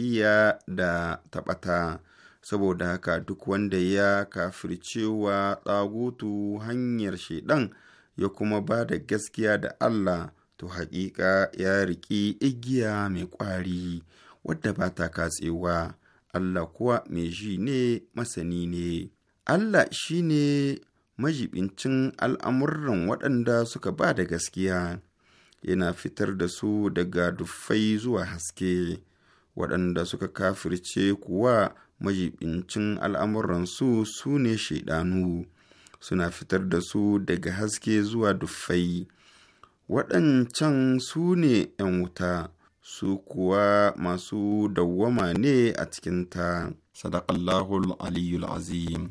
iya da taɓata saboda haka duk wanda ya kafircewa tsagutu hanyar shaidan ya kuma ba da gaskiya da Allah to haƙiƙa ya riƙi igiya mai ƙwari wadda ba ta katsewa Allah kuwa mai ji ne masani ne Allah shi ne majibincin al'amuran waɗanda suka ba da gaskiya yana fitar da su daga dufai zuwa haske waɗanda suka kafirce kuwa majibincin al'amuransu su ne shaidanu suna fitar da su daga haske zuwa duffai waɗancan su ne ‘yan wuta su kuwa masu dawwama ne a cikinta sadakallahu aliyu azim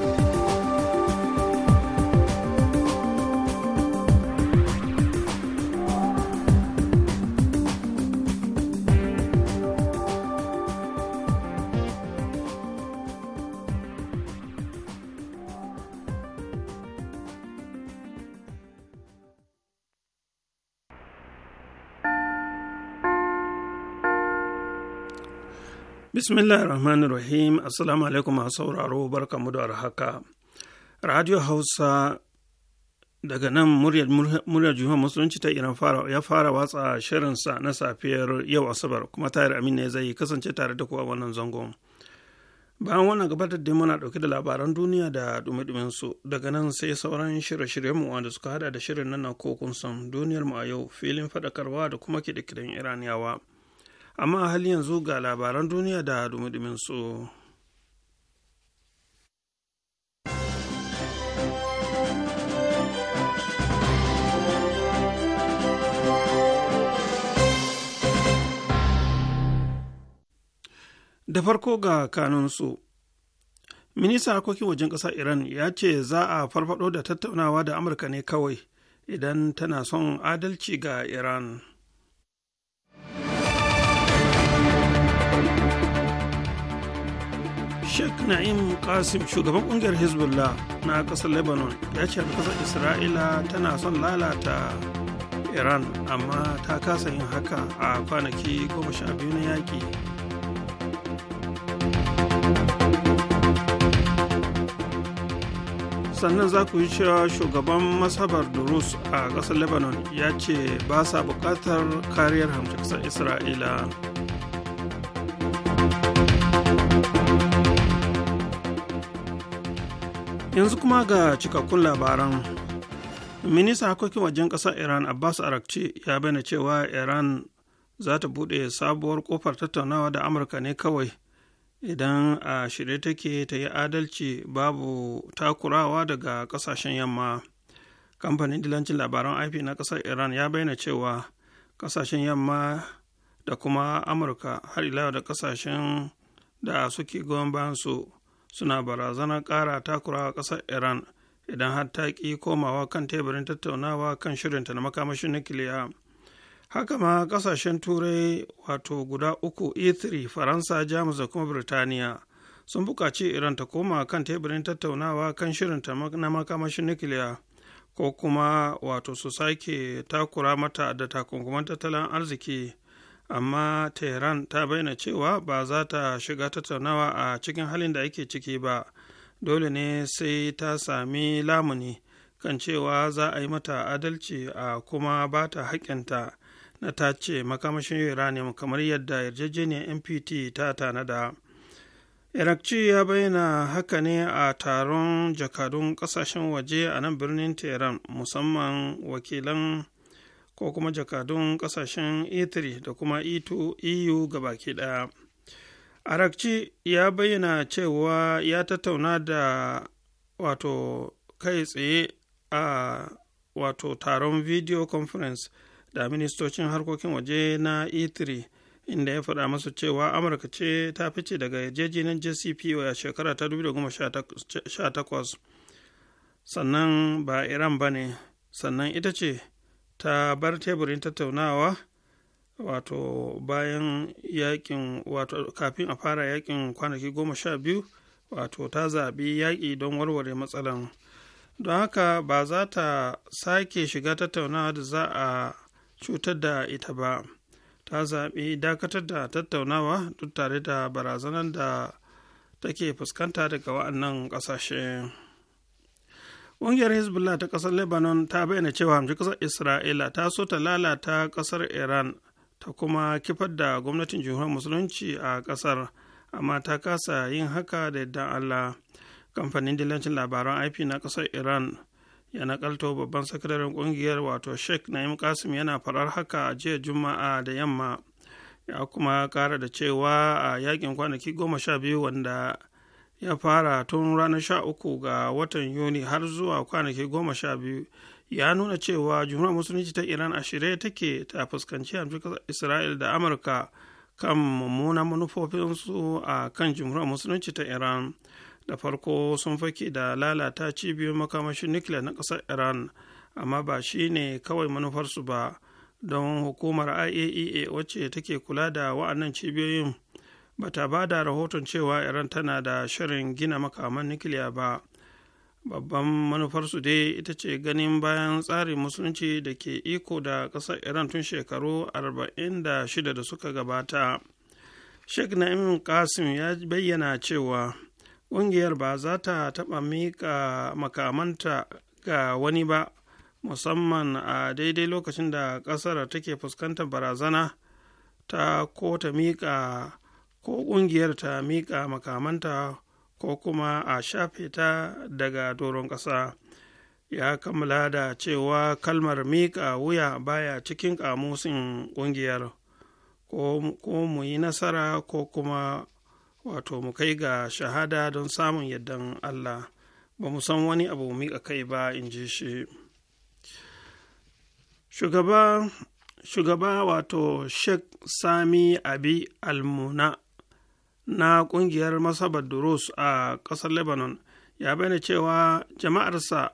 Bismillahir Rahmanir Rahim. Assalamu alaikum masu sauraro barkamu da haka. Radio Hausa daga nan muryar juma Musulunci ta Iran ya fara watsa shirinsa na safiyar yau Asabar kuma tayar Amin ne zai kasance tare da kowa wannan zangon. Bayan wannan gabatar da muna dauke da labaran duniya da dumi su daga nan sai sauran shirye-shiryen mu wanda suka hada da shirin nan na kokun san duniyar mu a yau filin faɗakarwa da kuma kiɗe-kiɗen Iraniyawa. amma hali yanzu ga labaran duniya da dumudumin su. da farko ga kanunsu minista harkokin wajen ƙasar iran ya ce za a farfado da tattaunawa da amurka ne kawai idan tana son adalci ga iran sheikh na'im kasim shugaban kungiyar hezbollah na kasar lebanon ya ce kasar isra'ila tana son lalata iran amma ta kasa yin haka a kwanaki goma sha biyu na yaƙi sannan za ku yi cewa shugaban masabar durus a ƙasar lebanon ya ce ba sa bukatar kariyar hamshe ƙasar isra'ila yanzu kuma ga cikakkun labaran ministan harkokin wajen ƙasar iran abbas arakci ya bayyana cewa iran za ta buɗe sabuwar kofar tattaunawa da amurka ne kawai idan a shirye take ta yi adalci babu takurawa daga ƙasashen yamma kamfanin dilancin labaran ip na ƙasar iran ya bayyana cewa ƙasashen yamma da kuma amurka har ila da ƙasashen da suke goyon bayan su suna barazana ƙara takurawa ƙasar iran idan har ta ƙi komawa kan teburin tattaunawa kan shirinta na makamashin nukiliya haka ma ƙasashen turai wato guda uku e3 faransa jamus da kuma birtaniya sun buƙaci iran ta koma kan teburin tattaunawa kan shirinta na makamashin nukiliya ko kuma wato su sake takura mata da takunkuman tattalin arziki amma tehran ta bayyana cewa ba za ta shiga tattaunawa a cikin halin da ake ciki ba dole ne sai ta sami lamuni kan cewa za a yi mata adalci a kuma ba ta haƙƙinta na ta ce makamashin uranium kamar yadda yarjejeniyar npt ta tanada irakci ya bayyana haka ne a taron jakadun ƙasashen waje a nan birnin tehran musamman wakilan ko kuma jakadun kasashen e da kuma e2 eu gabaki ɗaya arakci ya bayyana cewa ya tattauna da wato kai tsaye a wato taron video conference da ministocin harkokin waje na e3 inda ya faɗa masu cewa amurka ce ta fice daga yarjejeniyar jcpoa a shekara ta 2018 sannan ba iran ba ne sannan ita ce ta bar teburin tattaunawa wato bayan yakin wato kafin a fara yakin kwanaki goma sha biyu wato ta zaɓi yaƙi don warware matsalan don haka ba za ta sake shiga tattaunawa da za a cutar da ita ba ta zaɓi dakatar da tattaunawa duk tare da barazanar da take fuskanta daga wa'annan ƙasashe. ƙungiyar hezbollah ta ƙasar lebanon ta bayyana cewa hamshi ƙasar isra'ila ta so ta lalata ƙasar iran ta kuma kifar da gwamnatin jihar musulunci a ƙasar amma ta kasa yin haka da yadda allah kamfanin dillancin labaran ip na ƙasar iran ya nakalto babban sakataren ƙungiyar wato sheikh na'im kasim yana farar haka a jiya juma'a da yamma ya kuma kara da cewa a yakin kwanaki goma sha biyu wanda ya fara tun ranar sha uku ga watan yuni har zuwa kwanaki goma sha biyu ya nuna cewa jumhuriyar musulunci ta iran a take ta fuskanci amurka isra'il da amurka kan mummunan manufofinsu a kan jumhuriyar musulunci ta iran da farko sun fake da lalata cibiyoyin makamashin nukiliya na ƙasar iran amma ba shi ne kawai manufarsu ba don hukumar iaea e wacce take kula da wa'annan cibiyoyin bata ba da rahoton cewa iran tana da shirin gina makaman nukiliya ba babban manufarsu dai ita ce ganin bayan tsarin musulunci da ke iko da ƙasar iran tun shekaru 46 da suka gabata sheikh na'im kasim ya bayyana cewa ƙungiyar ba za ta taɓa miƙa makamanta ga wani ba musamman a daidai lokacin da ƙasar take fuskantar barazana ta ko ta miƙa ko ƙungiyar ta miƙa makamanta ko kuma a shafe ta daga doron ƙasa ya kammala da cewa kalmar miƙa wuya baya cikin ƙamusin ƙungiyar ko mu yi nasara ko kuma wato mu kai ga shahada don samun yardan Allah ba mu san wani abu miƙa kai ba in ji shi shugaba wato sheikh sami abi almuna na ƙungiyar masabar durus a ƙasar lebanon ya bayyana cewa jama'arsa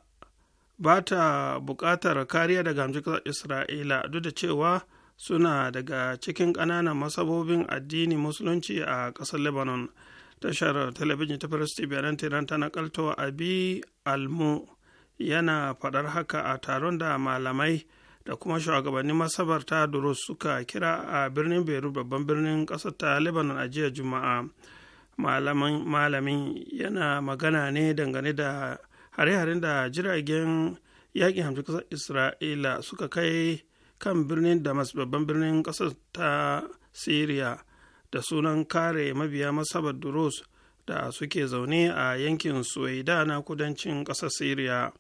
ba ta buƙatar kariya daga hamjikar isra'ila duk da cewa suna daga cikin ƙananan masabobin addini musulunci a ƙasar lebanon tashar talabijin ta firist bayanan tiran ta nakalto abi almu yana faɗar haka a taron da malamai da kuma shugabannin masabar ta durus suka kira a birnin beru babban birnin kasar ta lebanon a jiya juma'a malamin yana magana ne dangane da hare-haren da jiragen yaƙin hamsin ƙasar isra'ila suka kai kan birnin damas babban birnin ƙasar ta syria da sunan kare mabiya masabar durus da suke zaune a yankin suwaida na kudancin ƙasar syria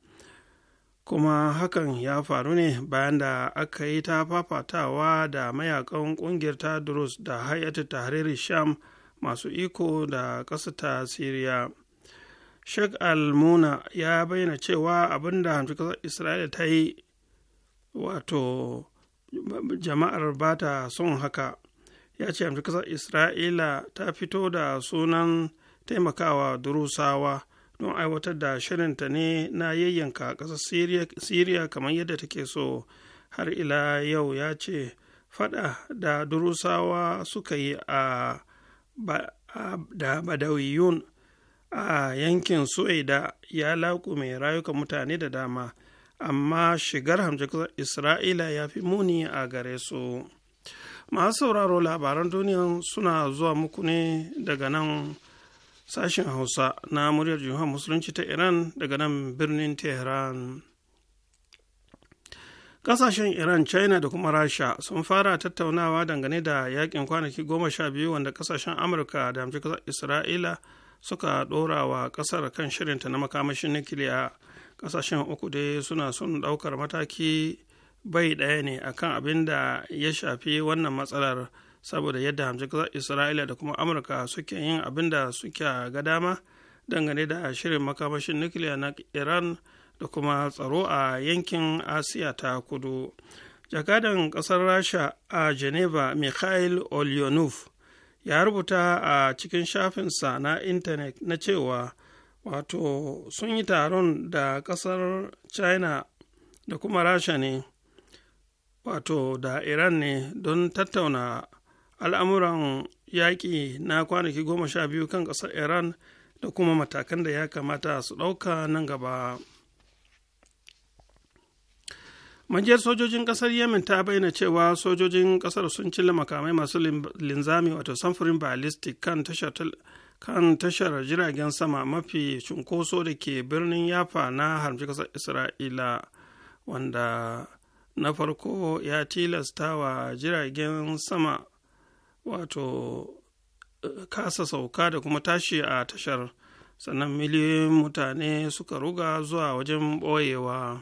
kuma hakan ya faru ne bayan da aka yi ta fafatawa da mayakan kungiyar ta durus da hayatu tahrir sham masu iko da ƙasa ta siriya sheikh almuna ya bayyana cewa abinda hamsin isra'ila ta yi wato jama'ar ba ta son haka ya ce kasar isra'ila ta fito da sunan taimakawa durusawa don aiwatar da shirinta ne na yayyanka ƙasar siriya kamar yadda take so har ila yau ya ce fada da durusawa suka yi a da badawiyun a yankin da ya laƙume rayuka mutane da dama amma shigar hamjakar isra'ila ya fi muni a gare su masu sauraro labaran duniya suna zuwa muku ne daga nan sashen hausa na muryar jihar musulunci ta iran daga nan birnin tehran kasashen iran china da kuma rasha sun fara tattaunawa dangane da yakin kwanaki goma sha biyu wanda kasashen amurka da hamci kasar isra'ila suka dora wa kasar kan shirinta na makamashin nukiliya kasashen uku dai suna son daukar mataki bai daya ne akan abin da ya shafi wannan matsalar saboda yadda hamjikar isra'ila da kuma amurka suke yin abin da suke ga dama dangane da shirin makamashin nukiliya na iran da kuma tsaro a yankin asiya ta kudu jakadan kasar rasha a geneva mikhail olyonov ya rubuta a cikin shafinsa na intanet na cewa wato sun yi taron da kasar china da kuma rasha ne wato da iran ne don tattauna al'amuran yaƙi na kwanaki goma sha biyu kan ƙasar iran da kuma matakan da ya kamata su ɗauka nan gaba majiyar sojojin ƙasar yemen ta bayyana cewa sojojin ƙasar sun cilla makamai masu linzami wato samfurin ballistic kan tashar kan tashar jiragen sama mafi cunkoso da ke birnin yafa na harmci kasar isra'ila wanda na farko ya tilasta wa jiragen sama wato eh, kasa sauka da kuma tashi a tashar sannan miliyoyin mutane suka ruga zuwa wajen ɓoyewa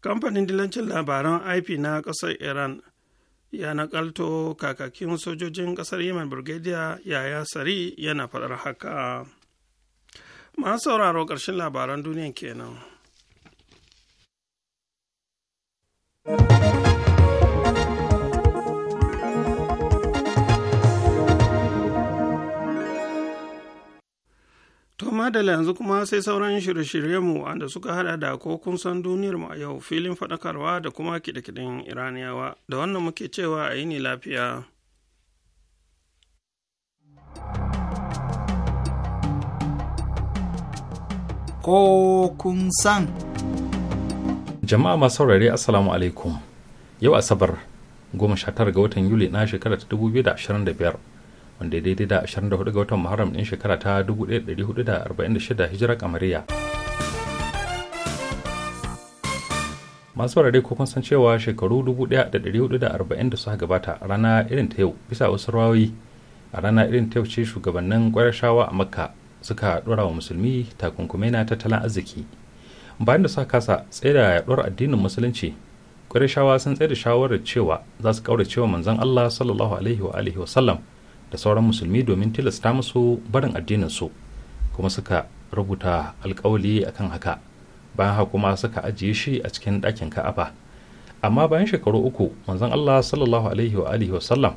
kamfanin dilancin labaran ip na ƙasar iran ya nakalto kakakin sojojin ƙasar yemen brigadier yaya sari yana faɗar haka Ma sauraro ƙarshen labaran duniya kenan. To madala yanzu kuma sai sauran shirye-shiryenmu wanda suka hada da ko kun san mu a yau filin faɗakarwa da kuma kiɗe-kiɗen Iraniyawa da wannan muke cewa a yi ni lafiya. Ko kun san. Jama'a masu saurare Assalamu alaikum. Yau Asabar, goma sha ga watan Yuli na shekarar ta dubu da biyar. wanda ya daidai da 24 ga watan muharram din shekara ta 1446 hijira kamariya masu farare ko san cewa shekaru 1440 da suka gabata a rana irin ta yau bisa wasu rawayi a rana irin ta yau ce shugabannin shawa a makka suka dora wa musulmi takunkumai na tattalin arziki bayan da suka kasa tsaye da yaduwar addinin musulunci shawa sun tsaye da shawarar cewa za su kaurace cewa manzon Allah sallallahu alaihi wa alihi wa sallam da sauran musulmi domin tilasta musu barin addininsu kuma suka rubuta alkawali akan haka bayan haka kuma suka ajiye shi a cikin ɗakin ka'aba amma bayan shekaru uku manzon Allah sallallahu alaihi wa alihi wa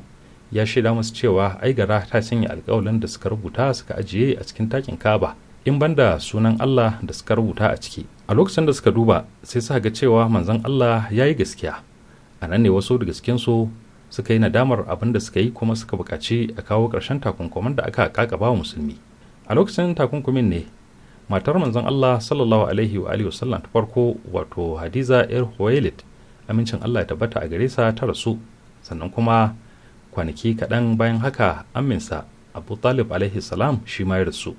ya shaida musu cewa ai gara ta sanya alkawalin da suka rubuta suka ajiye a cikin takin ka'aba in banda sunan Allah da suka rubuta a ciki a lokacin da suka duba sai suka ga cewa manzon Allah ya yi gaskiya a nan ne wasu daga cikin su suka yi nadamar abin da suka yi kuma suka buƙaci a kawo ƙarshen takunkumin da aka kakaba wa musulmi a lokacin takunkumin ne matar manzon Allah sallallahu alaihi wa alihi wasallam ta farko wato Hadiza yar Huwailit amincin Allah ya tabbata a gare sa ta rasu sannan kuma kwanaki kaɗan bayan haka aminsa Abu Talib alaihi salam shi ma ya rasu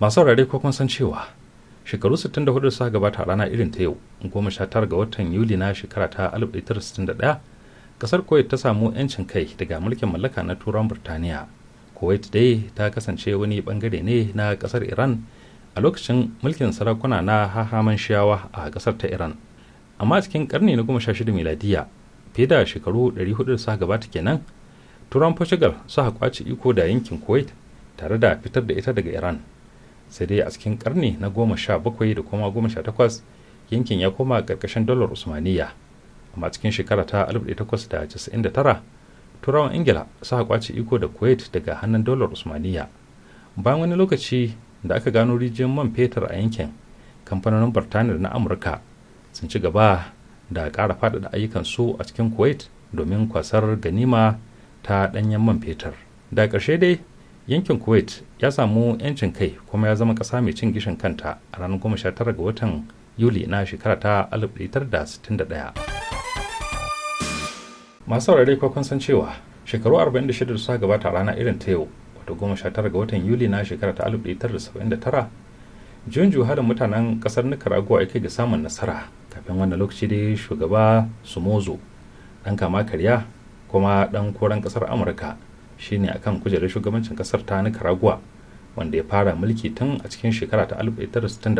masu rarrai ko kun san cewa shekaru 64 suka gabata a rana irin ta yau goma sha tara ga watan yuli na shekara ta 1961 kasar kuwait ta samu 'yancin kai daga mulkin mallaka na turan burtaniya kuwait dai ta kasance wani bangare ne na kasar iran a lokacin mulkin sarakuna na hahaman shiyawa a kasar ta iran amma cikin karni na 16 miladiya fiye da shekaru 400 suka gabata kenan turan portugal suka kwace iko da yankin kuwait tare da fitar da ita daga iran sai dai a cikin karni na goma sha bakwai da kuma goma sha takwas yankin ya koma ƙarƙashin dalar usmaniya amma cikin shekara ta da da casa'in tara turawan ingila su kwace iko da kuwait daga hannun dalar usmaniya bayan wani lokaci da aka gano rijiyar man fetur a yankin kamfanonin birtaniya na amurka sun ci gaba da ƙara faɗaɗa ayyukan su a cikin kuwait domin kwasar ganima ta ɗanyen man fetur da ƙarshe dai yankin kuwait ya samu 'yancin kai kuma ya zama ƙasa mai cin gishin kanta a ranar 19 ga watan yuli na shekara ta 1961 masu saurare kwakwan san cewa shekaru 46 da suka gabata a rana irin ta yau wato 19 ga watan yuli na shekara ta 1979 junju harin mutanen kasar nicaragua yake ga samun nasara kafin wannan lokaci dai shugaba sumozo dan kama karya kuma dan koren kasar amurka shine akan kujerar shugabancin kasar ta nicaragua wanda ya fara mulki tun a cikin shekara ta 1967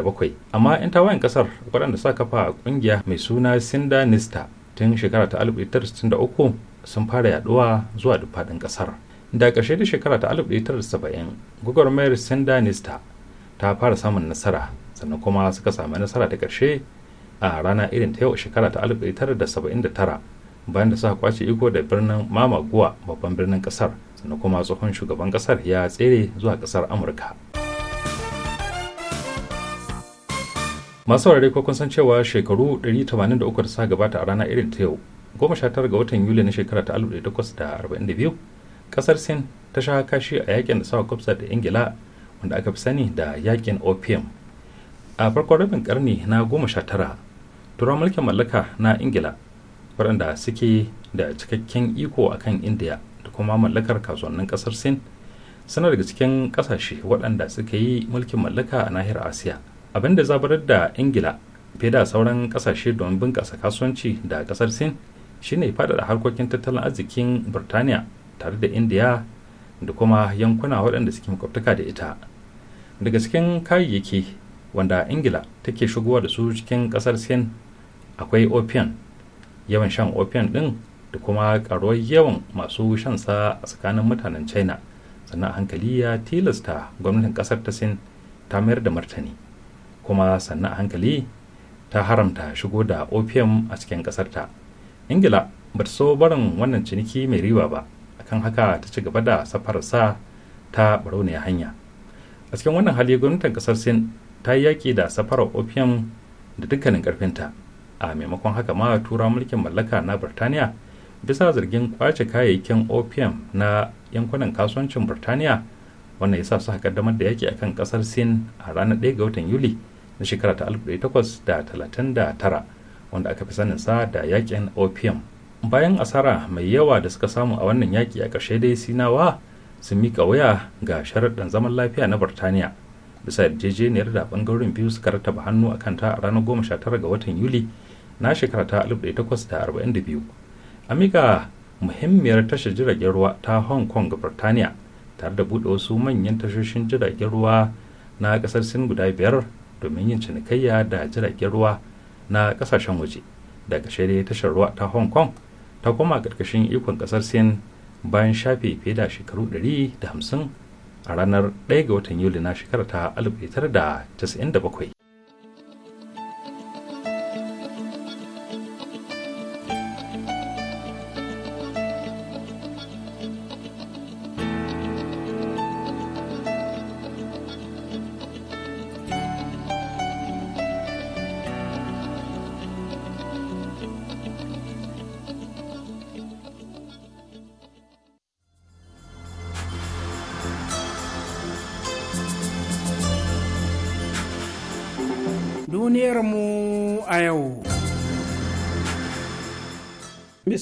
amma 'yan tawayen kasar waɗanda sa kafa kungiya mai suna sinda nista tun shekara ta 1963 sun fara yaduwa zuwa duk faɗin kasar da ƙarshe da shekara ta 1970 gwagwarmayar sinda nista ta fara samun nasara sannan kuma suka samu nasara ta ƙarshe a rana irin ta yau shekara ta 1979 bayan da suka kwace iko da birnin mamaguwa babban birnin kasar na kuma tsohon shugaban kasar ya tsere zuwa kasar amurka masu saurare ko kun san cewa shekaru 183 da sa gabata a rana irin ta yau 19 ga watan yuli na shekara ta 1842 kasar sin ta sha kashi a yakin da sawa kwafsa da ingila wanda aka fi sani da yakin opium a farkon rabin karni na 19 turawan mulkin mallaka na ingila waɗanda suke da cikakken iko akan indiya da kuma mallakar kasuwannin kasar sin suna daga cikin kasashe waɗanda suka yi mulkin mallaka a nahiyar asiya abinda da zabarar da ingila fiye da sauran kasashe domin bunƙasa kasuwanci da kasar sin shine faɗaɗa harkokin tattalin arzikin birtaniya tare da indiya da kuma yankuna waɗanda suke makwabtaka da ita daga cikin kayayyaki wanda ingila take shigowa da su cikin kasar sin akwai opium yawan shan opium ɗin da kuma karuwar yawan masu shan sa a tsakanin mutanen china sannan hankali ya tilasta gwamnatin kasar ta sin ta mayar da martani kuma sannan hankali ta haramta shigo da opium a cikin kasar ta ingila ba ta so barin wannan ciniki mai riba ba akan haka ta ci gaba da sa ta barauniya hanya a cikin wannan hali gwamnatin kasar sin ta yi yaki da safarar opium da dukkanin karfinta a maimakon haka ma tura mulkin mallaka na birtaniya bisa zargin kwace kayayyakin opium na yankunan kasuwancin burtaniya wannan ya sa suka kaddamar da yaki akan kasar sin a ranar 1 ga watan yuli na shekara ta 1839 wanda aka fi sanin sa da yakin opium bayan asara mai yawa da suka samu a wannan yaki a ƙarshe dai sinawa sun mika waya ga sharaɗin zaman lafiya na burtaniya bisa yarjejeniyar da ɓangarorin biyu suka rataba hannu a kanta a ranar 19 ga watan yuli na shekara ta 1842 amiga muhimmiyar tashar jiragen ruwa ta hong kong ga birtaniya tare da buɗe wasu manyan tashoshin jiragen ruwa na ƙasar sin guda biyar domin yin cinikayya da jiragen ruwa na ƙasashen waje daga shirya tashar ruwa ta hong kong ta koma ƙarƙashin ikon ƙasar sin bayan shafe fiye da shekaru 150 a ranar 1 ga watan yuli na shekara ta 1997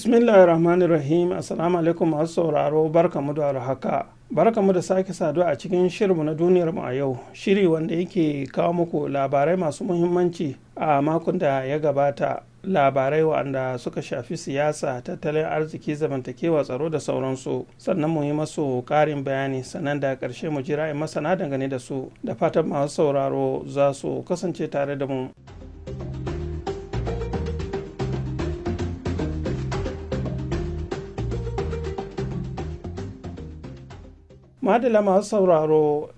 bismillahir rahmanir rahim assalamu alaikum masu sauraro barka barkamu da haka barkamu da sake saduwa a cikin shirinmu na duniyar mu a yau shiri wanda yake kawo muku labarai masu muhimmanci a makon da ya gabata labarai wanda suka shafi siyasa tattalin arziki zamantakewa tsaro da sauransu sannan mu yi masu karin bayani sannan da karshe mu jira masana dangane da su da fatan masu sauraro za su kasance tare da mu. madala masu sauraro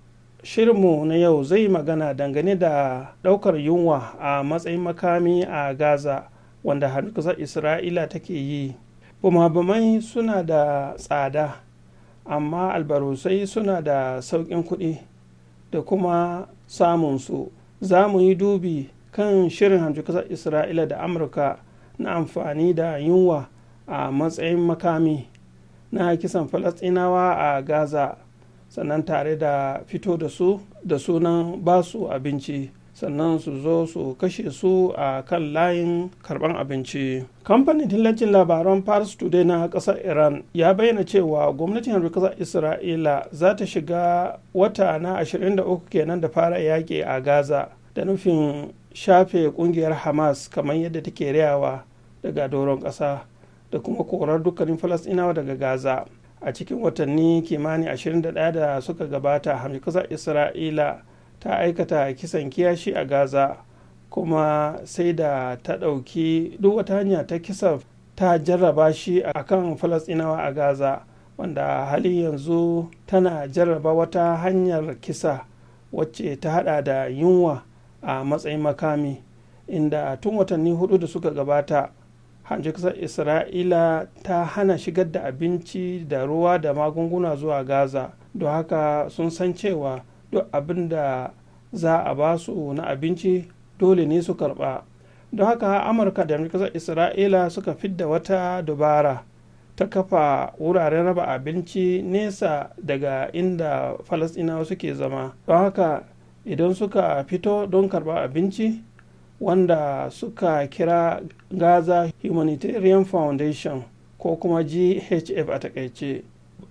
shirinmu na yau zai magana dangane da ɗaukar yunwa a matsayin makami a gaza wanda harkar isra'ila take yi bumabumai suna da tsada amma albarusai suna da sauƙin kuɗi da kuma samunsu za mu yi dubi kan shirin hamjikasar isra'ila da amurka na amfani da yunwa a matsayin makami na kisan falasɗinawa a gaza sannan tare da fito da su da sunan ba su abinci sannan su zo su kashe su a kan layin karban abinci kamfanin dillancin labaran paris today na kasar iran ya bayyana cewa gwamnatin kasar isra'ila za ta shiga wata na 23 kenan da fara yaƙi a gaza da nufin shafe kungiyar hamas kamar yadda take rayawa daga doron ƙasa da kuma korar dukkanin falasɗinawa daga gaza a cikin watanni kimanin 21 da suka gabata kusa isra'ila ta aikata kisan kiyashi a gaza kuma sai da ta ɗauki duk wata hanya ta kisa ta jarraba shi a kan falasinawa a gaza wanda halin yanzu tana jarraba wata hanyar kisa wacce ta hada da yunwa a matsayin makami inda tun watanni hudu da suka gabata hamshe kasar isra'ila ta hana shigar da abinci da ruwa da magunguna zuwa gaza don haka sun san cewa duk abin da za a ba su na abinci dole ne su karba don haka amurka da kasar isra'ila suka fidda wata dubara ta kafa wuraren raba abinci nesa daga inda falasɗinawa suke zama don haka idan suka fito don karba abinci wanda suka kira gaza humanitarian foundation ko kuma ghf a takaice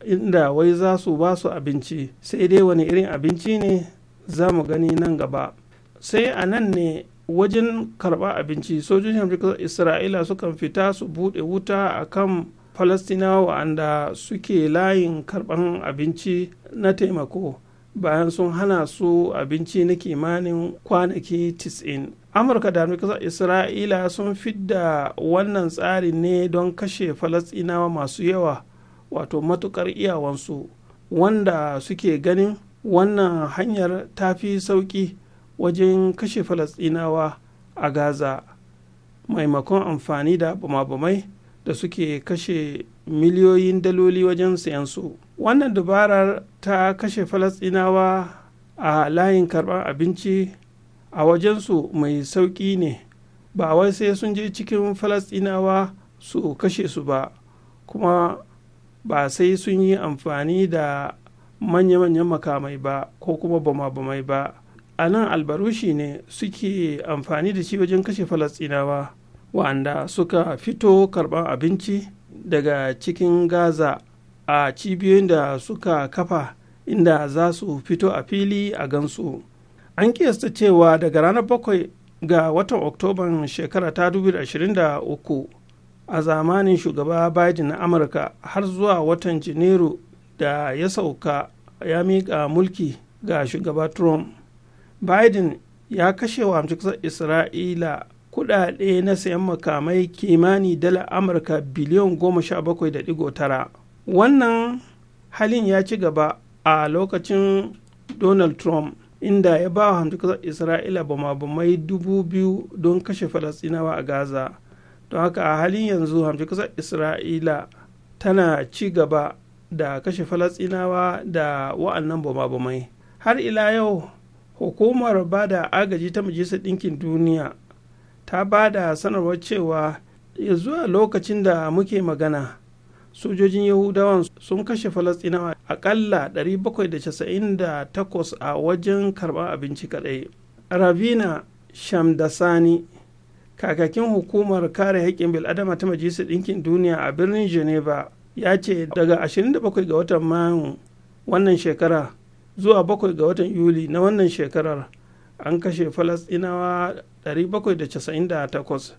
inda wai za su ba su abinci sai dai wani irin abinci ne za mu gani nan gaba sai a nan ne wajen karɓar abinci sojojin amurka isra'ila sukan fita su bude wuta a kan falastinawa wa'anda suke layin karban abinci na taimako bayan sun hana su abinci na kimanin kwanaki 90 amurka da kasar isra'ila sun fidda wannan tsari ne don kashe falasɗinawa masu yawa wato matukar iyawansu wanda suke ganin wannan hanyar ta fi sauƙi wajen kashe falasɗinawa a gaza maimakon amfani da bama da suke kashe miliyoyin daloli wajen sayansu wannan dabarar ta kashe falasɗinawa a layin karɓar abinci a wajensu mai sauƙi ne ba wai sai sun je cikin falasɗinawa su kashe su ba kuma ba sai sun yi amfani da manya-manyan makamai ba ko kuma bama-bamai ba a nan albarushi ne suke amfani da shi wajen kashe falastinawa. wa'anda suka fito karɓar abinci daga cikin gaza a cibiyoyin da suka kafa inda za su fito a fili a gansu an kiyasta cewa daga ranar 7 ga watan oktoban shekara ta 2023 a zamanin shugaba biden na amurka har zuwa watan janairu da ya sauka ya miƙa mulki ga shugaba trump biden ya kashe wa amsar isra'ila kudade na sayan makamai kimani dala amurka biliyon 17.9 wannan halin ya ci gaba a lokacin donald trump inda ya ba wa kasar isra'ila bama-bamai dubu biyu don kashe falastinawa a gaza don haka a halin yanzu kasar isra'ila tana ci gaba da kashe falastinawa da wa'annan bama-bamai har ila yau hukumar ba da agaji ta majalisar ɗinkin duniya ta ba da sanarwar cewa ya zuwa lokacin da muke magana sojojin yahudawan sun kashe falastinawa akalla 798 a wajen karɓar abinci kadai ravina shamdasani kakakin hukumar kare haƙƙin bil'adama ta majalisar ɗinkin duniya a birnin geneva ya ce daga 27 ga watan mayu wannan shekara zuwa 7 ga watan yuli na wannan shekarar an kashe falasɗinawa 798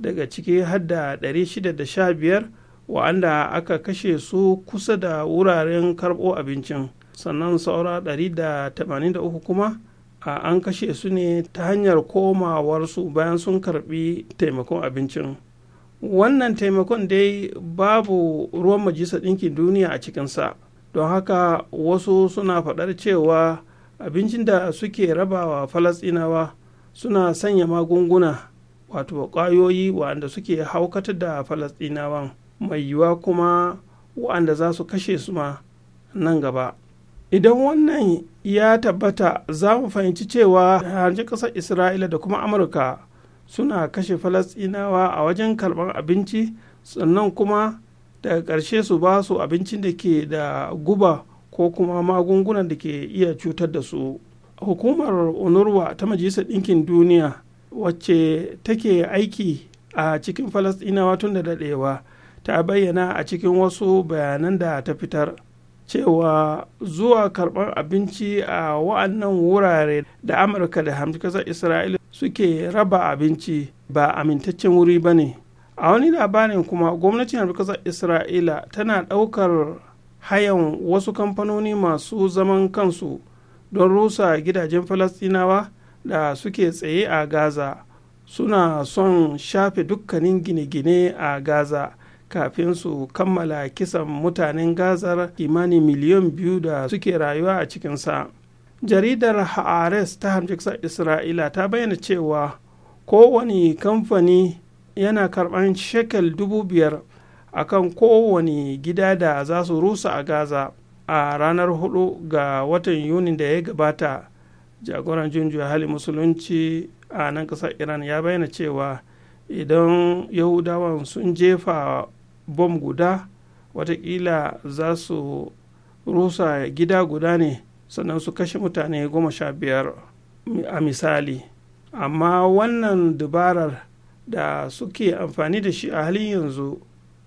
daga ciki hadda 615 wa'anda aka kashe su kusa da wuraren karɓo abincin sannan saura 183 kuma a an kashe su ne ta hanyar komawarsu bayan sun karɓi taimakon abincin wannan taimakon dai babu ruwan majisa ɗinkin duniya a cikinsa don haka wasu suna faɗar cewa abincin da suke rabawa falasɗinawa suna sanya magunguna wato ƙwayoyi wa'anda suke haukata da falasɗinawan mai yiwuwa kuma waɗanda za su kashe su ma nan gaba idan wannan ya tabbata za mu fahimci cewa harji ƙasar isra'ila da kuma amurka suna kashe falasɗinawa a wajen karɓar abinci sannan kuma daga ƙarshe su ba su abincin da ke da guba ko kuma magungunan da ke iya cutar da su hukumar onurwa ta majalisar ɗinkin duniya wacce take aiki a cikin falasɗinawa tun da daɗewa ta bayyana a cikin wasu bayanan da ta fitar cewa zuwa karɓar abinci a wa'annan wurare da amurka da hamdukasar isra'ila suke raba abinci ba amintaccen wuri ba ne a wani labarin kuma gwamnatin hamdukasar isra'ila tana ɗaukar hayan wasu kamfanoni masu zaman kansu don rusa gidajen falastinawa da suke tsaye a gaza suna son shafe dukkanin gine-gine a gaza kafin su kammala kisan mutanen gazar kimanin miliyan biyu da suke rayuwa a cikinsa jaridar haares ta hamjiksa isra'ila ta bayyana cewa kowane kamfani yana karɓar shekel dubu biyar a kan kowane gida da za su rusa a gaza a ranar hudu ga watan yuni da ya gabata jagoran junjiya hali musulunci a nan ƙasar iran ya bayyana cewa idan yahudawan sun jefa bom guda watakila za su rusa gida guda ne sannan su kashe mutane goma sha biyar a misali amma wannan dabarar da suke amfani da shi a halin yanzu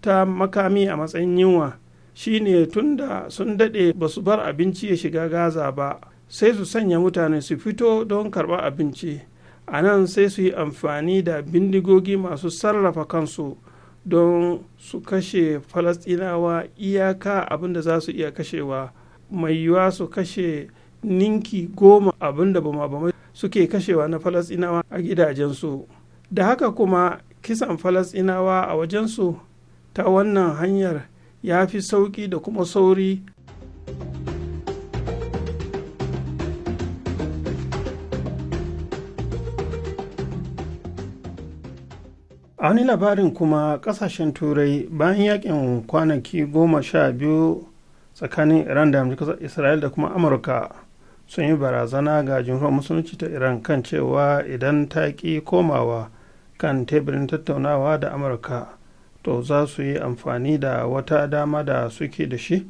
ta makami a matsayin yunwa shine da sun dade ba su bar abinci ya shiga gaza ba sai su sanya mutane su fito don karɓar abinci a nan sai su yi amfani da bindigogi masu sarrafa kansu don su kashe falasɗinawa iyaka abinda za su iya kashewa mai yiwuwa su kashe ninki goma abinda bama ma suke kashewa na falasɗinawa a gidajensu da haka kuma kisan falasɗinawa a wajensu ta wannan hanyar ya fi sauƙi da kuma sauri a wani labarin kuma kasashen turai bayan yakin kwanaki goma sha biyu tsakanin iran da amurka isra'il da kuma amurka sun yi barazana ga jumhuriyar musulunci ta iran kan cewa idan ta ki komawa kan teburin tattaunawa da amurka to za su yi amfani da wata dama da suke da shi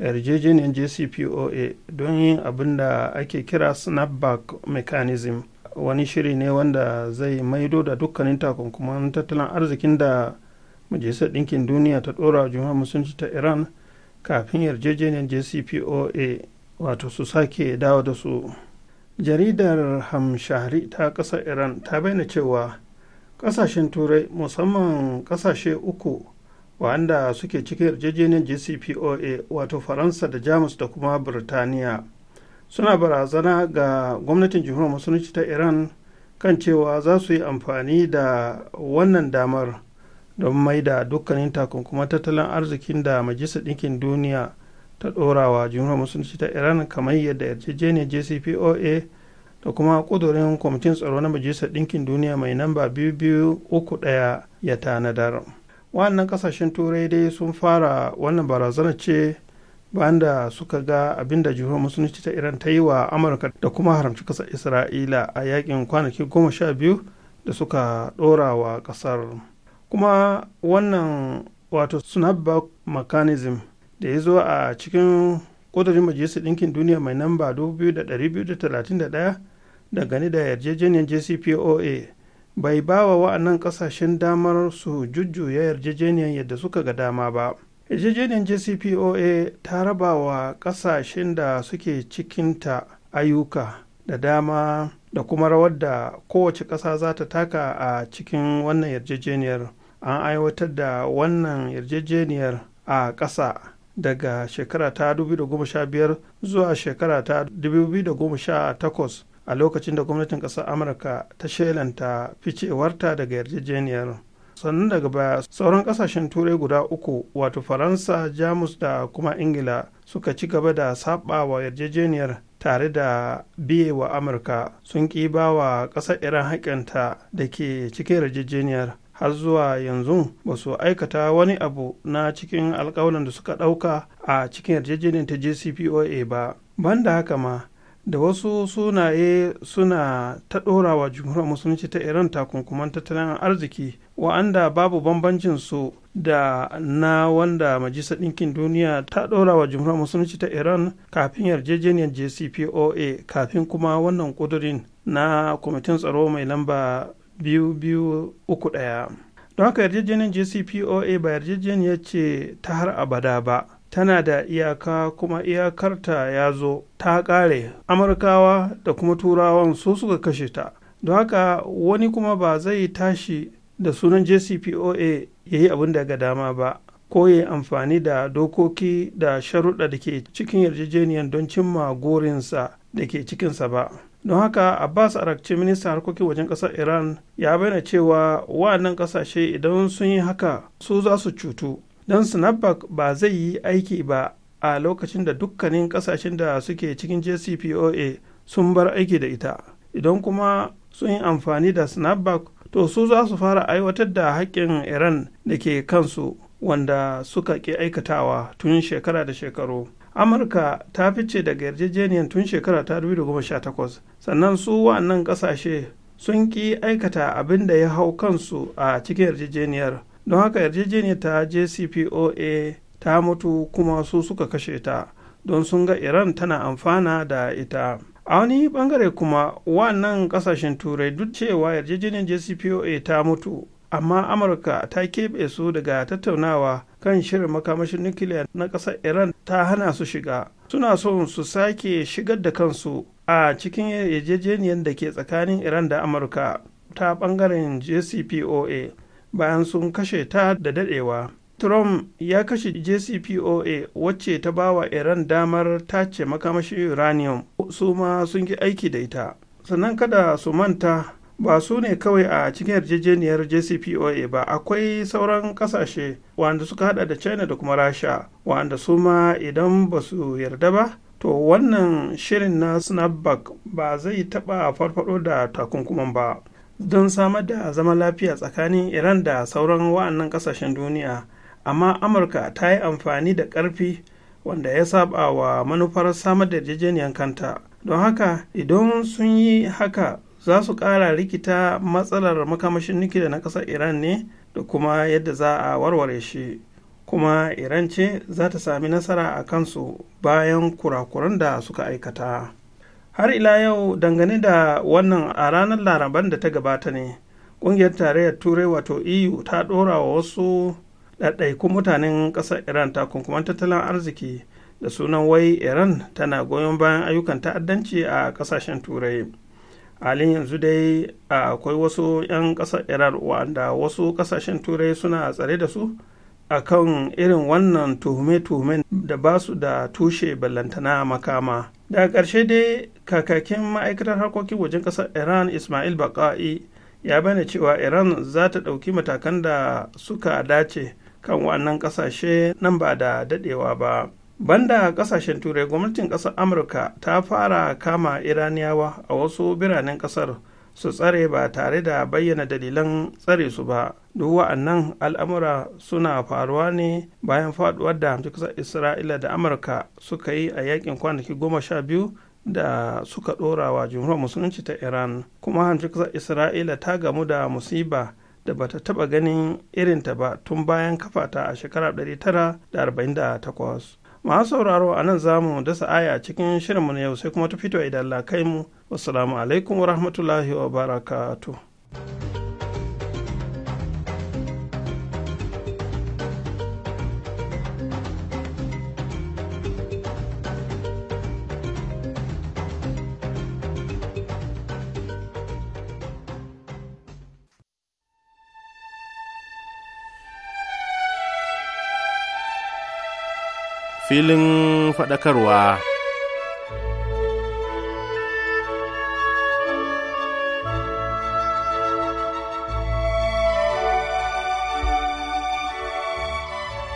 yarjejeniyar jcpoa don yin abin da ake kira snapback mechanism wani shiri ne wanda zai maido da dukkanin takunkuman tattalin arzikin da majalisar ɗinkin duniya ta ɗora juma'a musulunci ta iran kafin yarjejeniyar jcpoa wato su sake dawo da su jaridar hamshari ta ƙasar iran ta bayyana cewa ƙasashen turai musamman ƙasashe uku wanda suke cikin yarjejeniyar jcpoa wato faransa da jamus da kuma birtaniya suna barazana ga gwamnatin jihohar musulunci ta iran kan cewa za su yi amfani da wannan damar don mai da dukkanin takunkuma tattalin arzikin da majalisar ɗinkin duniya ta ɗorawa jihohar musulunci ta iran kamar yadda yarjejeniyar jcpoa da kuma ƙudurin kwamitin tsaro na majalisar ɗinkin duniya mai namba 2231 ya tanadar. wannan kasashen turai dai sun fara wannan barazana ce bayan da suka ga abin da jihar musulunci ta iran ta yi wa amurka da kuma haramci kasar isra'ila a yakin kwanaki goma sha biyu da suka ɗora wa ƙasar kuma wannan wato snapback mechanism da ya zo a cikin ƙudurin majalisar ɗinkin duniya mai namba 2231 dangane da yarjejeniyar jcpoa bai ba wa wa'annan kasashen damar su jujjuya yarjejeniyar yadda suka ga dama ba yarjejeniyar jcpoa ta raba wa kasashen da suke cikinta ayyuka da dama da kuma rawar da kowace ƙasa za ta taka a cikin wannan yarjejeniyar an aiwatar da wannan yarjejeniyar a ƙasa daga shekara ta 2015 zuwa shekara ta 2018 a lokacin da gwamnatin ƙasar amurka ta shelanta ficewarta daga yarjejeniyar sannan daga baya sauran ƙasashen turai guda uku wato faransa jamus da kuma ingila suka ci gaba da saba wa yarjejeniyar tare da biye wa amurka sun ƙi ba wa ƙasar iran haƙƙinta da ke cikin yarjejeniyar har zuwa yanzu ba su aikata wani abu na cikin alkawalin da suka ɗauka a cikin yarjejeniyar ta jcpoa ba banda haka ma da wasu sunaye suna ta ɗora wa jumhuriyar musulunci ta iran takunkuman tattalin arziki wa'anda babu bambancin su da na wanda majalisar ɗinkin duniya ta ɗora wa jumhuriyar musulunci ta iran kafin yarjejeniyar jcpoa kafin kuma wannan ƙudurin na kwamitin tsaro mai lamba biyu biyu uku ɗaya don haka yarjejeniyar jcpoa ba yarjejeniyar ce ta har abada ba tana da iyaka kuma iyakarta ya zo ta ƙare amurkawa da kuma turawan su suka kashe ta don haka wani kuma ba zai tashi da sunan jcpoa ya yi abin daga dama ba ko ya amfani da dokoki da sharuɗa da ke cikin yarjejeniyar don cimma gorinsa da ke cikinsa ba don haka abbas arakci ministan harkokin wajen ƙasar iran ya bayyana cewa wa'annan ƙasashe idan sun yi haka su za su cutu don snapback ba zai yi aiki ba a lokacin da dukkanin kasashen da suke cikin jcpoa sun bar aiki da ita idan kuma sun yi amfani da snapback to su za su fara aiwatar da haƙƙin iran da ke kansu wanda suka ƙi aikatawa tun shekara da shekaru amurka ta fice daga yarjejeniyar tun shekara ta 2018 sannan su wa'annan ƙasashe sun ƙi aikata abin da ya hau kansu a cikin yarjejeniyar don haka yarjejeniyar ta jcpoa ta mutu kuma su suka kashe ta don sun ga iran tana amfana da ita a wani bangare kuma wannan kasashen turai duk cewa yarjejeniyar jcpoa ta mutu amma amurka ta keɓe su daga tattaunawa kan shirin makamashin nukiliya na ƙasar iran ta hana su shiga suna so su sake shigar da kansu a cikin yarjejeniyar da ke tsakanin iran da amurka ta bangaren jcpoa bayan sun kashe ta da dadewa trump ya kashe jcpoa wacce ta bawa iran damar tace makamashi uranium su ma sun ki aiki da ita sannan kada su manta ba su ne kawai a cikin yarjejeniyar jcpoa ba akwai sauran kasashe wanda suka hada da china da kuma rasha wanda su ma idan ba su yarda ba to wannan shirin na snapback ba zai taba farfado da takunkuman ba don samar da zaman lafiya tsakanin iran da sauran wa'annan kasashen duniya amma amurka ta yi amfani da ƙarfi wanda ya saba wa manufar samar da yarjejeniyar kanta don haka idan sun yi haka za su ƙara rikita matsalar makamashin da na ƙasar iran ne da kuma yadda za a warware shi kuma iran ce za ta sami nasara a kansu bayan kurakuran da suka aikata. har ila yau dangane da wannan a ranar laraban da ta gabata ne ƙungiyar tarayyar turai wato eu ta ɗora wa wasu ɗaiɗaikun mutanen ƙasar iran takunkuman tattalin arziki da sunan wai iran tana goyon bayan ayyukan ta'addanci a ƙasashen turai halin yanzu dai akwai wasu 'yan ƙasar iran wanda wasu ƙasashen turai suna tsare da su a kan irin wannan tuhume-tuhumen da ba su da tushe ballantana makama daga ƙarshe dai kakakin ma'aikatar harkokin wajen ƙasar iran ismail baka'i ya bayyana cewa iran za ta ɗauki matakan da suka dace kan wannan ƙasashe nan ba da daɗewa ba banda ƙasashen turai gwamnatin ƙasar amurka ta fara kama iraniyawa a wasu biranen ƙasar su tsare ba tare da bayyana dalilan tsare su ba duk wa'annan al'amura suna faruwa ne bayan faduwar da hamsin kasar isra'ila da amurka suka yi a yakin kwanaki goma sha biyu da suka ɗora wa jumhuriyar musulunci ta iran kuma hamsin kasar isra'ila ta gamu da musiba da bata taba ganin irinta ba tun bayan kafata a shekara shekarar 1948 masu sauraro a nan za mu dasa aya a cikin mu na yau sai kuma ta fito idan la kai mu wasu alaikum wa rahmatullahi wa barakatu. filin faɗakarwa.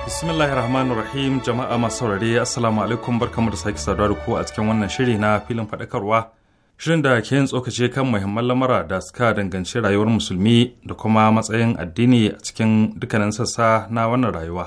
Bismillahirrahmanirrahim jama'a masu saurari assalamu alaikum barkamu da sake saduwa da ku a cikin wannan shiri na filin faɗakarwa shirin da ke yin tsokace kan muhimman lamara da suka danganci rayuwar musulmi da kuma matsayin addini a cikin dukkanin sassa na wannan rayuwa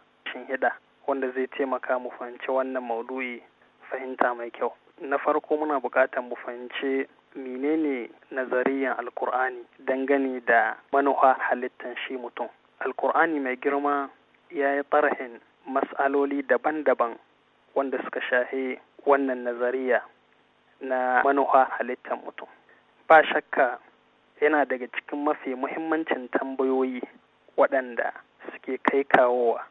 hida wanda zai taimaka mu fahimci wannan maudu'i fahimta mai kyau. Na farko muna buƙatar mu fahimci menene nazariyan alkur'ani dangane da manuha halittan shi mutum. Alkur'ani mai girma ya yi tarihin matsaloli daban-daban wanda suka shahe wannan nazariya na manuha halittar mutum. Ba shakka yana daga cikin mafi muhimmancin tambayoyi waɗanda suke kai kawowa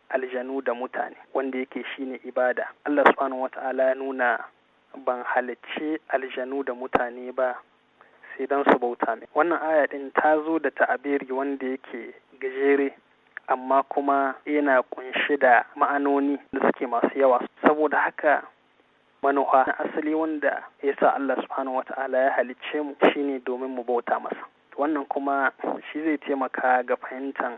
aljanu da mutane wanda yake shine ibada Allah subhanahu wa ya nuna ban halicci aljanu da mutane ba sai don su bauta min wannan aya din ta zo da ta'abiri wanda yake gajere amma kuma yana kunshi da ma'anoni da suke masu yawa saboda haka manuha na asali wanda ya sa Allah subhanahu ta'ala ya halicce mu shine domin mu bauta masa wannan kuma shi zai taimaka ga fahimtar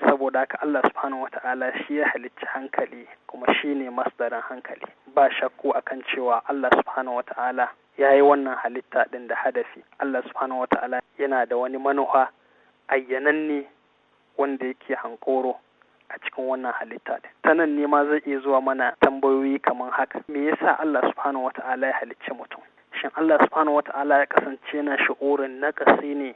saboda haka Allah subhanahu wa ta'ala shi ya halicci hankali kuma shi ne masdarin hankali ba shakku kan cewa Allah subhanahu wa ta'ala ya yi wannan halitta ɗin da hadafi Allah subhanahu wa ta'ala yana da wani ayyanan ne wanda yake hankoro a cikin wannan halitta ɗin ta nan ne ma zai iya zuwa mana tambayoyi kamar haka me yasa Allah subhanahu wa ta'ala ya halicci mutum shin Allah subhanahu wa ta'ala ya kasance na shi'urin nakasi ne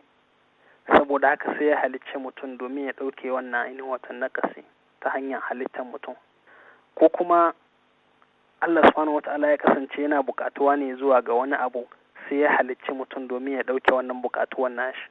saboda haka sai ya halicci mutum domin ya ɗauke wannan ainihin watan nakasi ta hanyar halittar mutum ko kuma Allah subhanahu wa ta'ala ya kasance yana buƙatuwa ne zuwa ga wani abu sai ya halicci mutum domin ya ɗauke wannan buƙatuwan nashi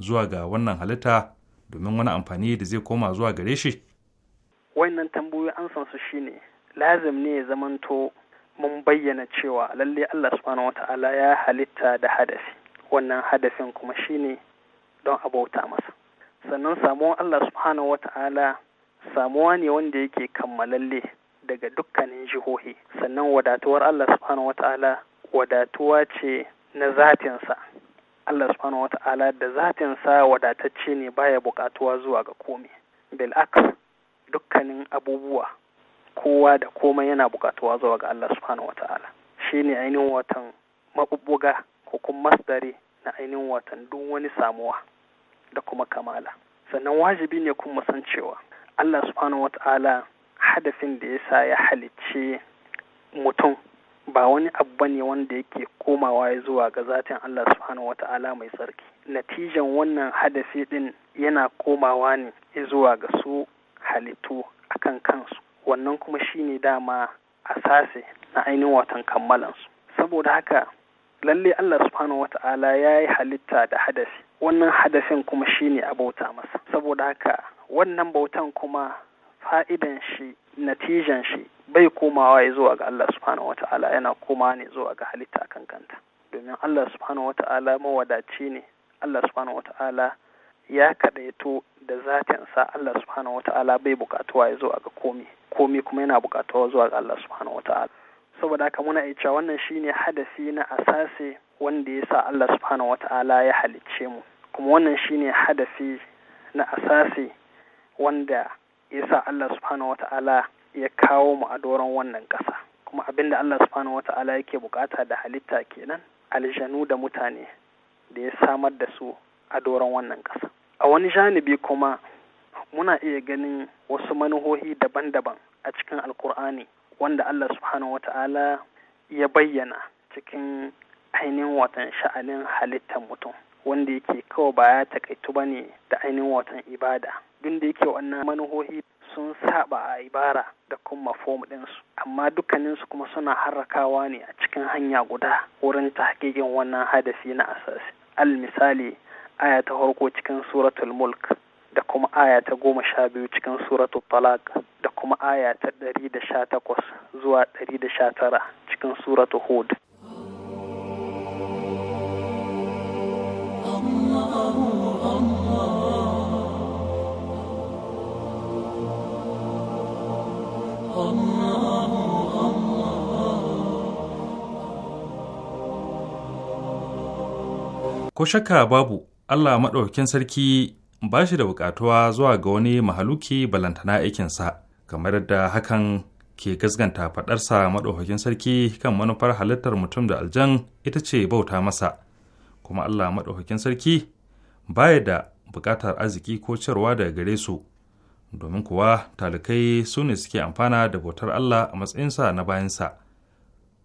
zuwa ga wannan halitta domin wani amfani da zai koma zuwa gare shi? Wannan tambayoyi an san su shine lazim ne ya zamanto mun bayyana cewa lalle Allah subhanahu wa ya halitta da hadafi wannan hadafin kuma shine don abauta masa sannan samuwan Allah subhanahu wa samuwa ne wanda yake kammalalle daga dukkanin jihohi sannan wadatuwar Allah subhanahu wa wadatuwa ce na zatinsa Allah subhanahu wata'ala da zatin sa wadatacce ne baya bukatuwa zuwa ga komai bil dukkanin abubuwa kowa da komai yana bukatuwa zuwa ga Allah subhanahu wata'ala ne ainihin watan mabubbuga ko kuma masdari na ainihin watan duk wani samuwa da kuma kamala sannan wajibi ne kuma san cewa Allah subhanahu wata'ala hadafin da ya ya halicce mutum ba wani abu ba ne wanda yake komawa ya zuwa ga zatin Allah subhanahu ta'ala mai tsarki natijan wannan hadafi din yana komawa ne zuwa ga su halittu akan kansu wannan kuma shine dama a sase na ainihin watan kammalansu saboda haka lalle Allah subhanahu ta'ala ya yi halitta da hadafi. wannan hadafin kuma shine a bauta masa saboda haka wannan bautan kuma fa'idan shi natijan shi bai komawa ya zuwa ga Allah subhanahu wa ta'ala yana koma ne zuwa ga halitta kan kanta domin Allah subhanahu wa ta'ala mawadaci ne Allah subhanahu wa ta'ala ya kadaito da zatinsa Allah subhanahu wa ta'ala bai bukatuwa ya zuwa ga komi komi kuma yana bukatuwa zuwa ga Allah subhanahu wa ta'ala saboda haka muna iya cewa wannan shine hadasi na asase wanda ya sa Allah subhanahu wa ta'ala ya halicce mu kuma wannan shine hadasi na asasi wanda ya sa Allah subhanahu wa ta'ala ya kawo mu a doron wannan ƙasa kuma abin da Allah subhanahu ta'ala yake bukata da halitta kenan aljanu da mutane da ya samar da su a doron wannan ƙasa a wani janibi kuma muna iya ganin wasu manuhohi daban-daban a cikin alkur'ani wanda Allah subhanahu ta'ala ya bayyana cikin ainihin watan sha'anin halittar mutum wanda yake kawai baya ya takaitu ba ne da ainihin watan ibada duk da yake wannan manuhohi sun saba a ibara da kuma fom ɗinsu amma dukkaninsu kuma suna harrakawa ne a cikin hanya guda wurin tahqiqin wannan hadasi na asasi al misali aya ta farko cikin suratul mulk da kuma aya ta goma sha biyu cikin suratul talaq da kuma aya ta ɗari da sha takwas zuwa ɗari da sha tara cikin suratul hud Ko shakka babu Allah maɗaukakin sarki ba shi da buƙatuwa zuwa ga wani mahaluki balantana aikinsa, kamar da hakan ke gasganta faɗarsa maɗaukakin sarki kan manufar halittar mutum da aljan ita ce bauta masa, kuma Allah maɗaukakin sarki baya da buƙatar arziki ko cirwa daga gare su, domin kuwa talikai su ne suke amfana da bautar Allah a matsayinsa na bayansa,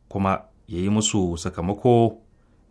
kuma ya yi musu sakamako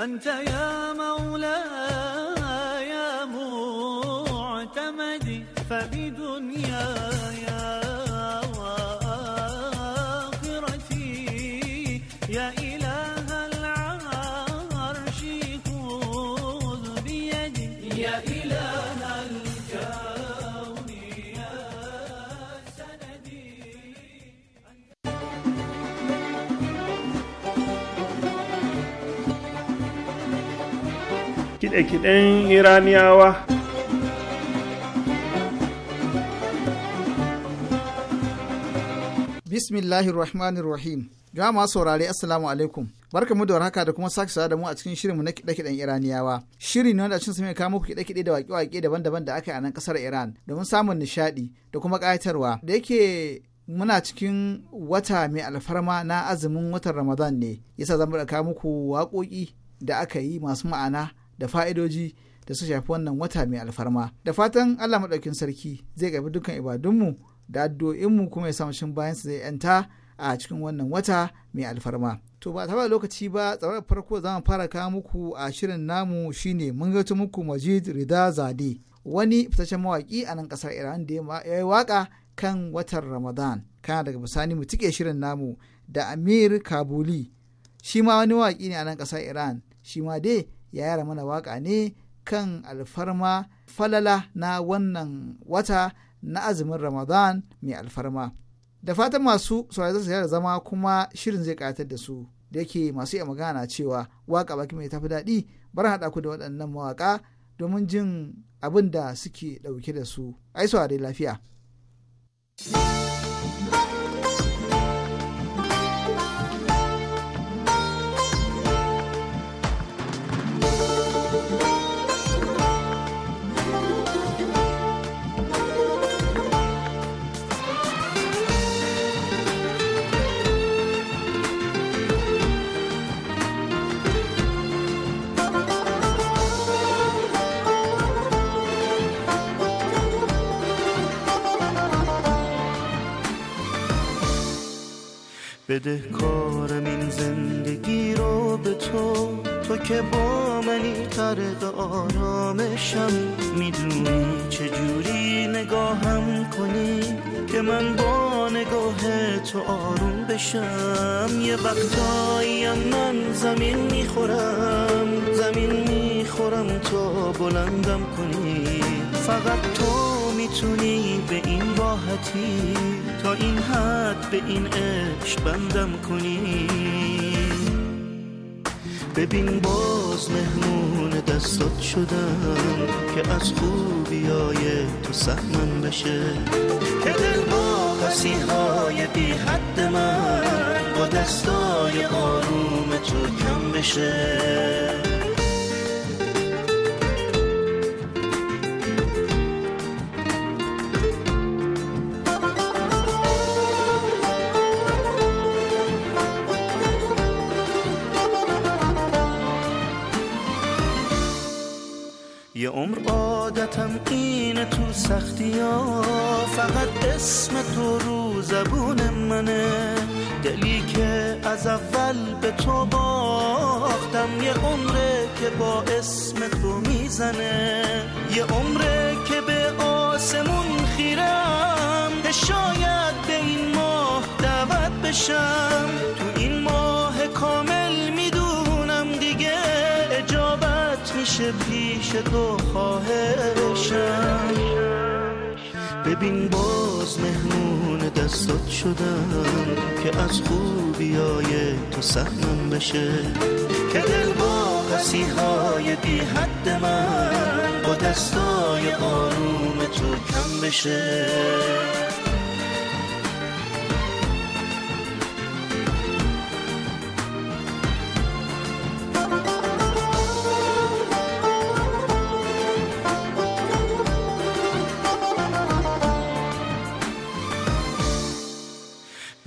أنت يا مولاي يا معتمدي فبدنياي kide-kiden iraniyawa bismillahir rahmanir rahim jama'a saurare assalamu alaikum mu da warhaka da kuma sake da mu a cikin shirinmu na kiɗe-kiɗen iraniyawa shiri ne wanda cin su mai kawo muku kiɗe-kiɗe da waƙe-waƙe daban-daban da aka yi a nan ƙasar iran domin samun nishaɗi da kuma ƙayatarwa da yake muna cikin wata mai alfarma na azumin watan ramadan ne yasa zan kawo muku waƙoƙi da aka yi masu ma'ana da fa'idoji da su shafi wannan wata mai alfarma da fatan allah maɗaukin sarki zai gabi dukkan ibadunmu da addu'o'inmu kuma ya samu shin bayansa zai yanta a cikin wannan wata mai alfarma to ba taba lokaci ba tsawon farko za mu fara kawo muku a shirin namu shine mun gato muku majid rida zade wani fitaccen mawaƙi a nan ƙasar iran da ya yi waƙa kan watan ramadan kana daga bisani mu tike shirin namu da amir kabuli shi ma wani waƙi ne a nan ƙasar iran shi ma dai ya yara mana waka ne kan alfarma falala na wannan wata na azumin ramadan mai alfarma da fatan masu saurari su da zama kuma shirin zai katar da su da yake masu iya magana cewa waƙa baki mai tafi daɗi Bar haɗa ku da waɗannan mawaƙa domin jin abin da suke ɗauke da su ai saurari lafiya. بده کارم این زندگی رو به تو تو که با منی طرق آرامشم میدونی چجوری نگاهم کنی که من با نگاه تو آروم بشم یه وقتایی من زمین میخورم زمین میخورم تو بلندم کنی فقط تو میتونی به این راحتی تا این حد به این عشق بندم کنی ببین باز مهمون دستات شدم که از خوبیای تو سهمن بشه که دل با های بی حد من با دستای آروم تو کم بشه عمر عادتم اینه تو سختی ها فقط اسم تو رو زبون منه دلی که از اول به تو باختم یه عمره که با اسم تو میزنه یه عمره که به آسمون خیرم شاید به این ماه دعوت بشم تو پیش تو خواهشم ببین باز مهمون دستات شدم که از خوبیای تو سهمم بشه که دل با قصیهای بی حد من با دستای آروم تو کم بشه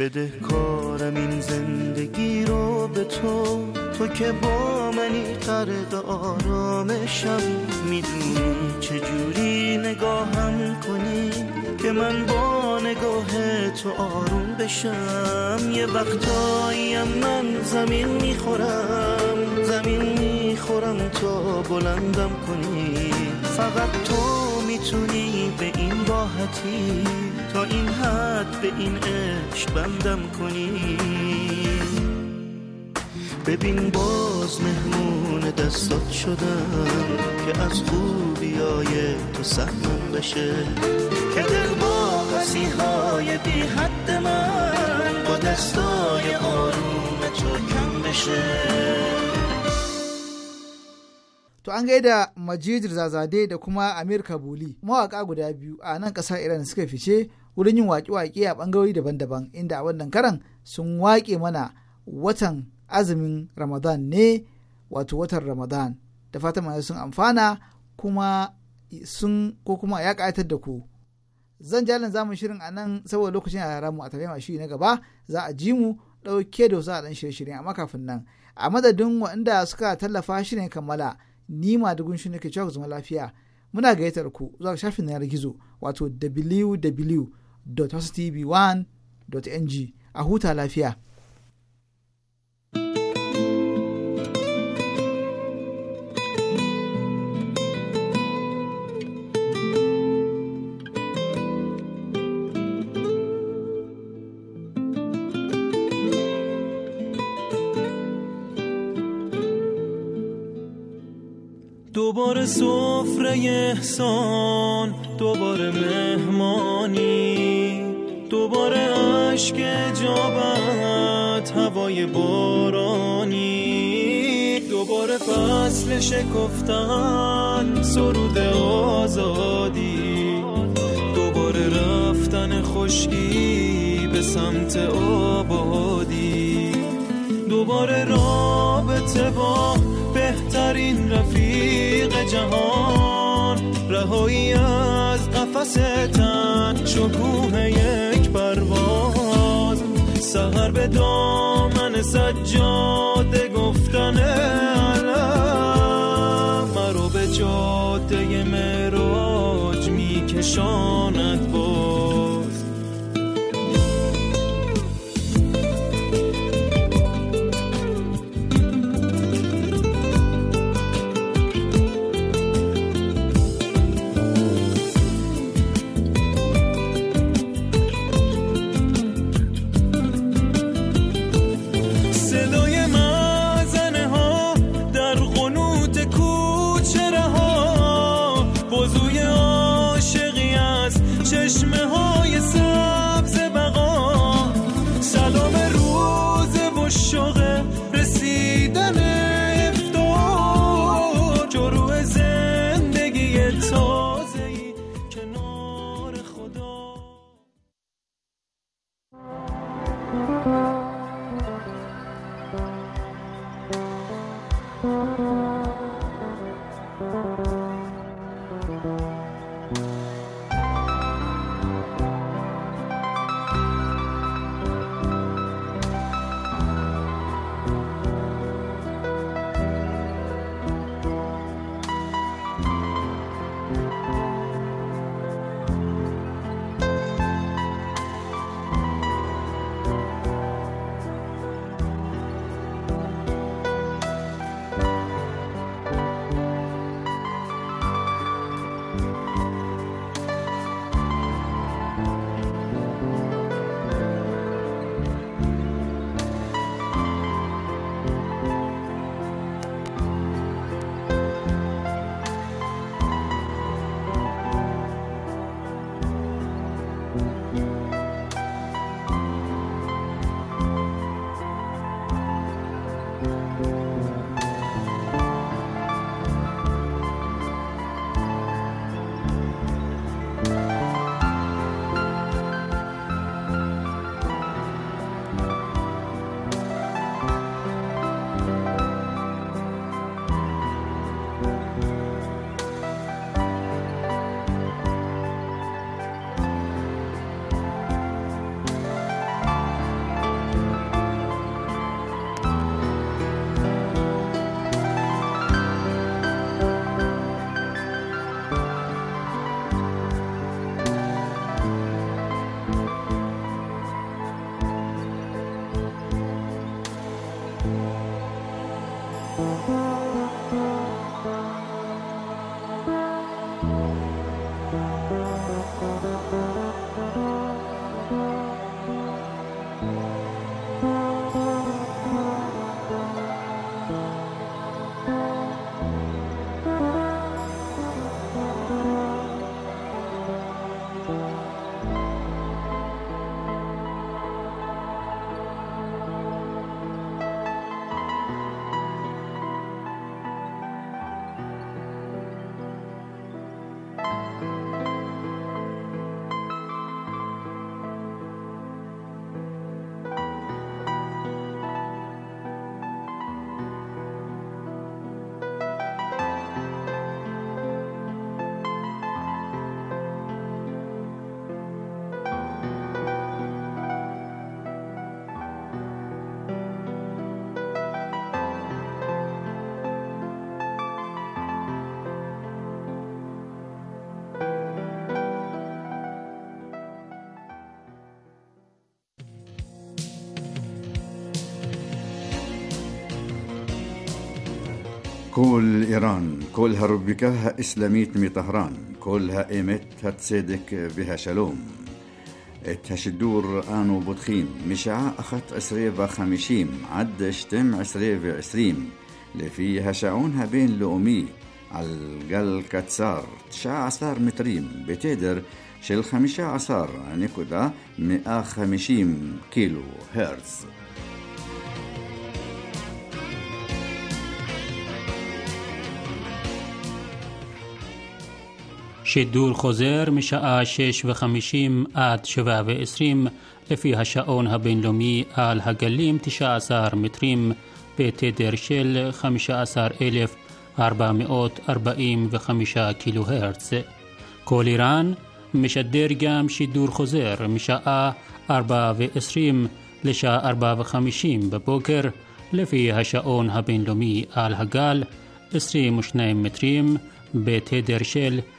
بده کارم این زندگی رو به تو تو که با منی غرق آرامشم میدونی چجوری نگاهم کنی که من با نگاه تو آروم بشم یه وقتایی من زمین میخورم زمین میخورم تا بلندم کنی فقط تو میتونی به این راحتی تا این حد به این عشق بندم کنی ببین باز مهمون دستات شدم که از خوبیای تو سهمم بشه که در با های بی حد من با دستای آروم تو کم بشه To an gaida Majijir Zazade da kuma Amir Kabuli, mawaka guda biyu a nan ƙasar Iran suka fice wurin yin waƙe-waƙe a ɓangarori daban-daban inda a wannan karan sun waƙe mana watan azumin Ramadan ne wato watan Ramadan. Da fatan mana sun amfana kuma sun ko kuma ya ƙayatar da ku. Zan jalin zamu shirin a nan saboda lokacin a mu a tafiya mashi na gaba za a ji mu ɗauke da wasu a ɗan shirye-shirye amma kafin nan. A madadin waɗanda suka tallafa shirin kammala. ni madugun shi nake cewa zama lafiya muna gayyatar ku zuwa shafin na gizo wato www.hostv1.ng a huta lafiya. دوباره سفره احسان دوباره مهمانی دوباره عشق جابت هوای بارانی دوباره فصل شکفتن سرود آزادی دوباره رفتن خشکی به سمت آبادی دوباره رابطه با بهترین رفیق جهان رهایی از قفس تن شکوه یک پرواز سهر به دامن سجاده گفتن علم مرو به جاده مراج میکشاند باز كل إيران كلها ربكها إسلاميت مي طهران كلها إيمت هتصدق بها شلوم الدور آنو بطخيم مشاعة أخت عسرية وخمشيم عد شتم عسرية عسريم لفيها هشعونها بين لومي على القل كتسار تشاع عصار متريم بتدر شل خمشة عصار نكودا مئة خمشيم كيلو هرتز שידור חוזר משעה וחמישים עד ועשרים לפי השעון הבינלאומי על הגלים 19 מטרים בתדר של 15,445 קילו הרץ. כל איראן משדר גם שידור חוזר משעה 4:20 לשעה 4:50 בבוקר לפי השעון הבינלאומי על הגל 22 מטרים בתדר של 15,445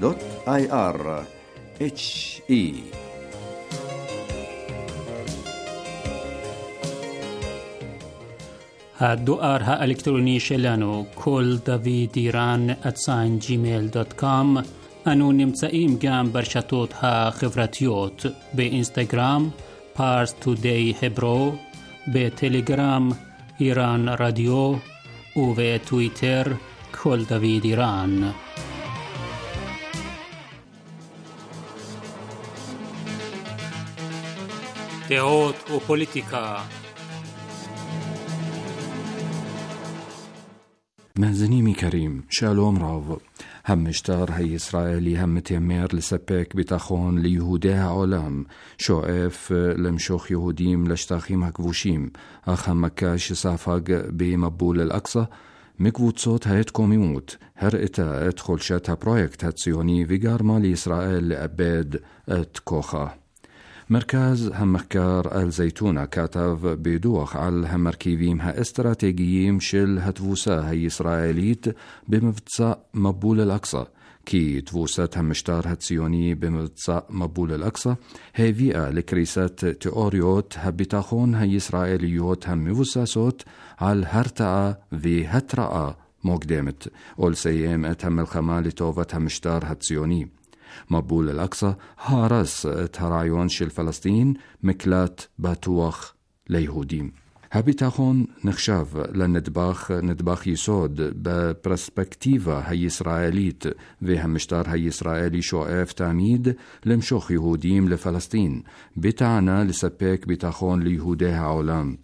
www.awr.ir he دوار ها الکترونیش کل دوید ایران اتسان جیمیل دات کام انو نمتسئیم گم برشتوت ها خفرتیوت به اینستاگرام پارس تو دی هبرو به تلگرام ایران رادیو و به تویتر کل دوید ایران דעות ופוליטיקה. مازنی میکەریم شالۆم ڕاو هەم مشتار هەی ئیسرائیلی هەم تێمێر لە سەپێک بتەخۆن لە یهودێ ئۆلام شۆئف لەم شۆخ یهودیم لە شتاخیم هەکووشیم ئەخەمەکە شسافاگ بێمە بوو لە ئەقسە میکووت سۆت هەیەت کۆمیوت هەر ئێتە ئەت خۆلشە تا پرۆیەکت هەتسیۆنی ڤگارما لە ئیسرائیل ئەبێد ئەت کۆخە. مركز همكار الزيتونة كاتف بدوخ على ها استراتيجيم شل هتفوسا هي إسرائيليت بمبتسا مبول الأقصى كي تفوسات همشتار هتسيوني بمبتسا مبول الأقصى هي فيئة لكريسات تيوريوت هبتاخون هي إسرائيليوت هم مفوساسوت على هرتعة في هترعة موقدمت أول سيام أتهم الخمال توفت همشتار هتسيوني مبول الأقصى هارس ترايون شل فلسطين مكلات باتوخ ليهوديم هابي تاخون نخشاف لندباخ ندباخ يسود ببرسبكتيفا هي إسرائيليت وهمشتار هي إسرائيلي شوئف تعميد لمشوخ يهوديم لفلسطين بتاعنا لسبيك بتاخون ليهوديها عولام